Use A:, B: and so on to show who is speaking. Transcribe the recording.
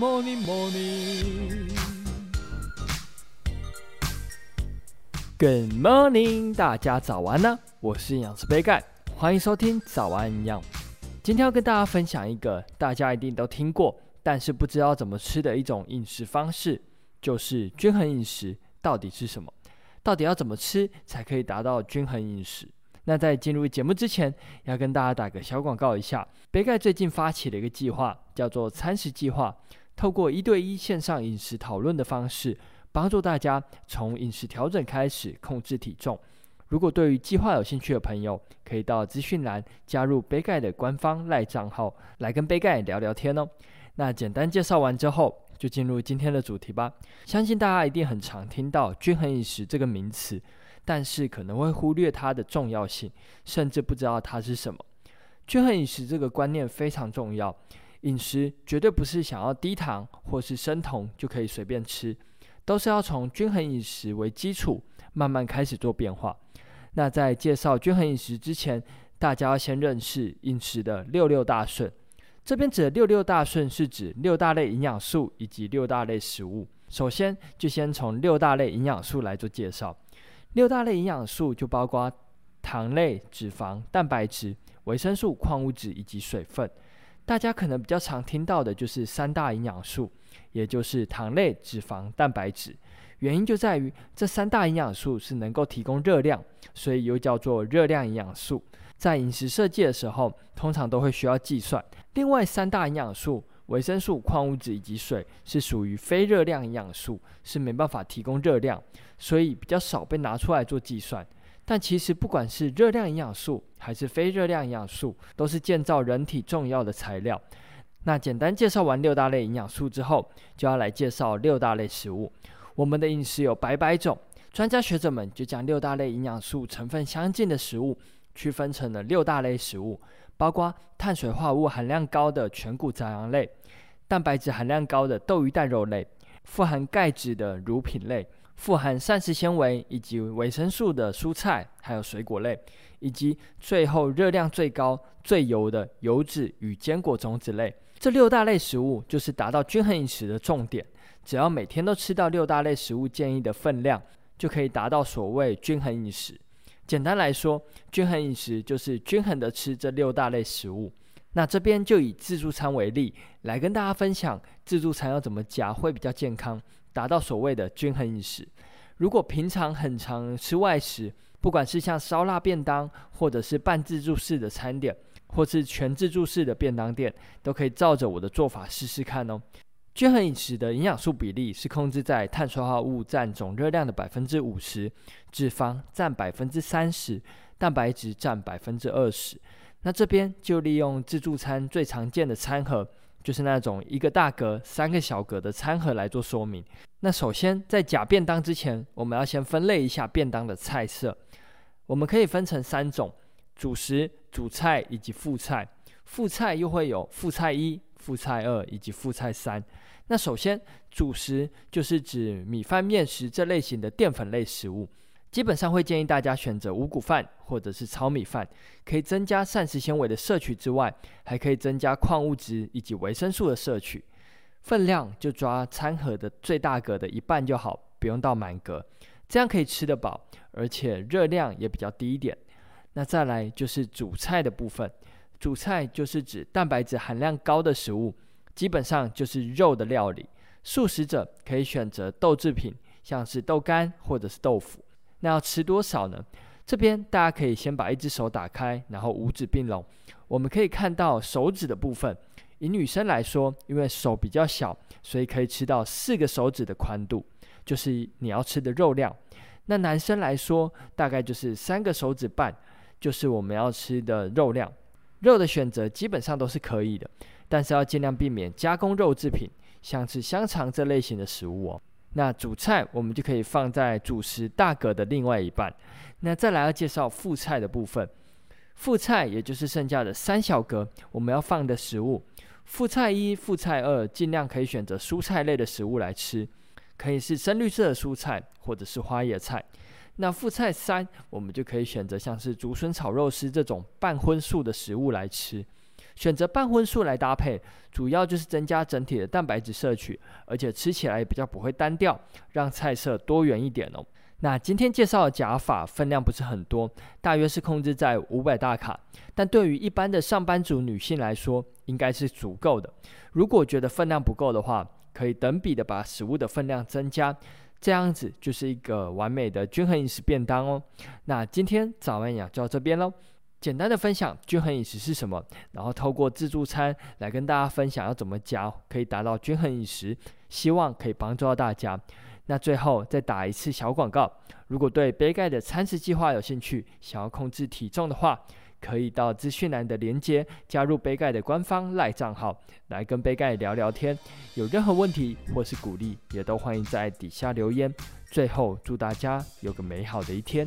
A: Good morning, morning. Good morning, 大家早安呢、啊！我是營養師杯蓋，歡迎收聽早安營養。今天要跟大家分享一個大家一定都聽過，但是不知道怎麼吃的一種飲食方式，就是均衡飲食到底是什麼？到底要怎麼吃才可以達到均衡飲食？那在進入節目之前，要跟大家打個小廣告一下。杯蓋最近發起了一個計劃，叫做餐食計劃。透過一對一線上飲食討論的方式，幫助大家從飲食調整開始控制體重。如果對於計劃有興趣的朋友，可以到資訊欄加入杯蓋的官方 LINE 帳號，來跟杯蓋聊聊天哦。那簡單介紹完之後，就進入今天的主題吧。相信大家一定很常聽到“均衡飲食”這個名詞，但是可能會忽略它的重要性，甚至不知道它是什麼。均衡飲食這個觀念非常重要。飲食絕對不是想要低糖或是生酮就可以隨便吃，都是要從均衡飲食為基礎，慢慢開始做變化。那在介紹均衡飲食之前，大家要先認識飲食的六六大順。這邊指的六六大順是指六大類營養素以及六大類食物。首先就先從六大類營養素來做介紹。六大類營養素就包括糖類、脂肪、蛋白質、維生素、礦物質以及水分。大家可能比較常聽到的就是三大營養素，也就是糖類、脂肪、蛋白質。原因就在於這三大營養素是能夠提供熱量，所以又叫做熱量營養素。在飲食設計的時候，通常都會需要計算。另外三大營養素，維生素、礦物質以及水，是屬於非熱量營養素，是沒辦法提供熱量，所以比較少被拿出來做計算。但其實，不管是熱量營養素還是非熱量營養素，都是建造人體重要的材料。那簡單介紹完六大類營養素之後，就要來介紹六大類食物。我們的飲食有百百種，專家學者們就將六大類營養素成分相近的食物，區分成了六大類食物，包括碳水化合物含量高的全穀雜糧類、蛋白質含量高的豆魚蛋肉類、富含鈣質的乳品類。富含膳食纖維以及維生素的蔬菜，還有水果類，以及最後熱量最高、最油的油脂與堅果種子類，這六大類食物就是達到均衡飲食的重點。只要每天都吃到六大類食物建議的分量，就可以達到所謂均衡飲食。簡單來說，均衡飲食就是均衡的吃這六大類食物。那這邊就以自助餐為例，來跟大家分享自助餐要怎麼夾會比較健康。達到所謂的均衡飲食。如果平常很常吃外食，不管是像燒臘便當，或者是半自助式的餐點，或是全自助式的便當店，都可以照着我的做法試試看哦。均衡飲食的營養素比例是控制在碳水化合物占總熱量的百分之五十，脂肪占百分之三十，蛋白質占百分之二十。那這邊就利用自助餐最常見的餐盒。就是那種一個大格、三個小格的餐盒來做說明。那首先，在夾便當之前，我們要先分類一下便當的菜色。我們可以分成三種：主食、主菜以及副菜。副菜又會有副菜一、副菜二以及副菜三。那首先，主食就是指米飯、麵食這類型的澱粉類食物。基本上會建議大家選擇五穀飯或者是糙米飯，可以增加膳食纖維的攝取之外，還可以增加礦物質以及維生素的攝取。分量就抓餐盒的最大格的一半就好，不用到滿格，這樣可以吃得飽，而且熱量也比較低一點。那再來就是主菜的部分，主菜就是指蛋白質含量高的食物，基本上就是肉的料理。素食者可以選擇豆製品，像是豆干或者是豆腐。那要吃多少呢？這邊大家可以先把一隻手打開，然後五指併攏。我們可以看到手指的部分，以女生來說，因為手比較小，所以可以吃到四個手指的寬度，就是你要吃的肉量。那男生來說，大概就是三個手指半，就是我們要吃的肉量。肉的選擇基本上都是可以的，但是要盡量避免加工肉製品，像吃香腸這類型的食物哦。那主菜我們就可以放在主食大格的另外一半。那再來要介紹副菜的部分，副菜也就是剩下的三小格，我們要放的食物。副菜一、副菜二，盡量可以選擇蔬菜類的食物來吃，可以是深綠色的蔬菜或者是花椰菜。那副菜三，我們就可以選擇像是竹筍炒肉絲這種半葷素的食物來吃。選擇半葷素來搭配，主要就是增加整體的蛋白質攝取，而且吃起來也比較不會單調，讓菜色多元一點哦。那今天介紹的夾法分量不是很多，大約是控制在五百大卡，但對於一般的上班族女性來說，應該是足夠的。如果覺得分量不夠的話，可以等比的把食物的分量增加，這樣子就是一個完美的均衡飲食便當哦。那今天早安營養就到這邊嘍。簡單的分享均衡飲食是什麼，然後透過自助餐來跟大家分享要怎麼夾可以達到均衡飲食，希望可以幫助到大家。那最後再打一次小廣告，如果對杯蓋的餐食計劃有興趣，想要控制體重的話，可以到資訊欄的連接加入杯蓋的官方賴賬號，來跟杯蓋聊聊天。有任何問題或是鼓勵，也都歡迎在底下留言。最後祝大家有個美好的一天。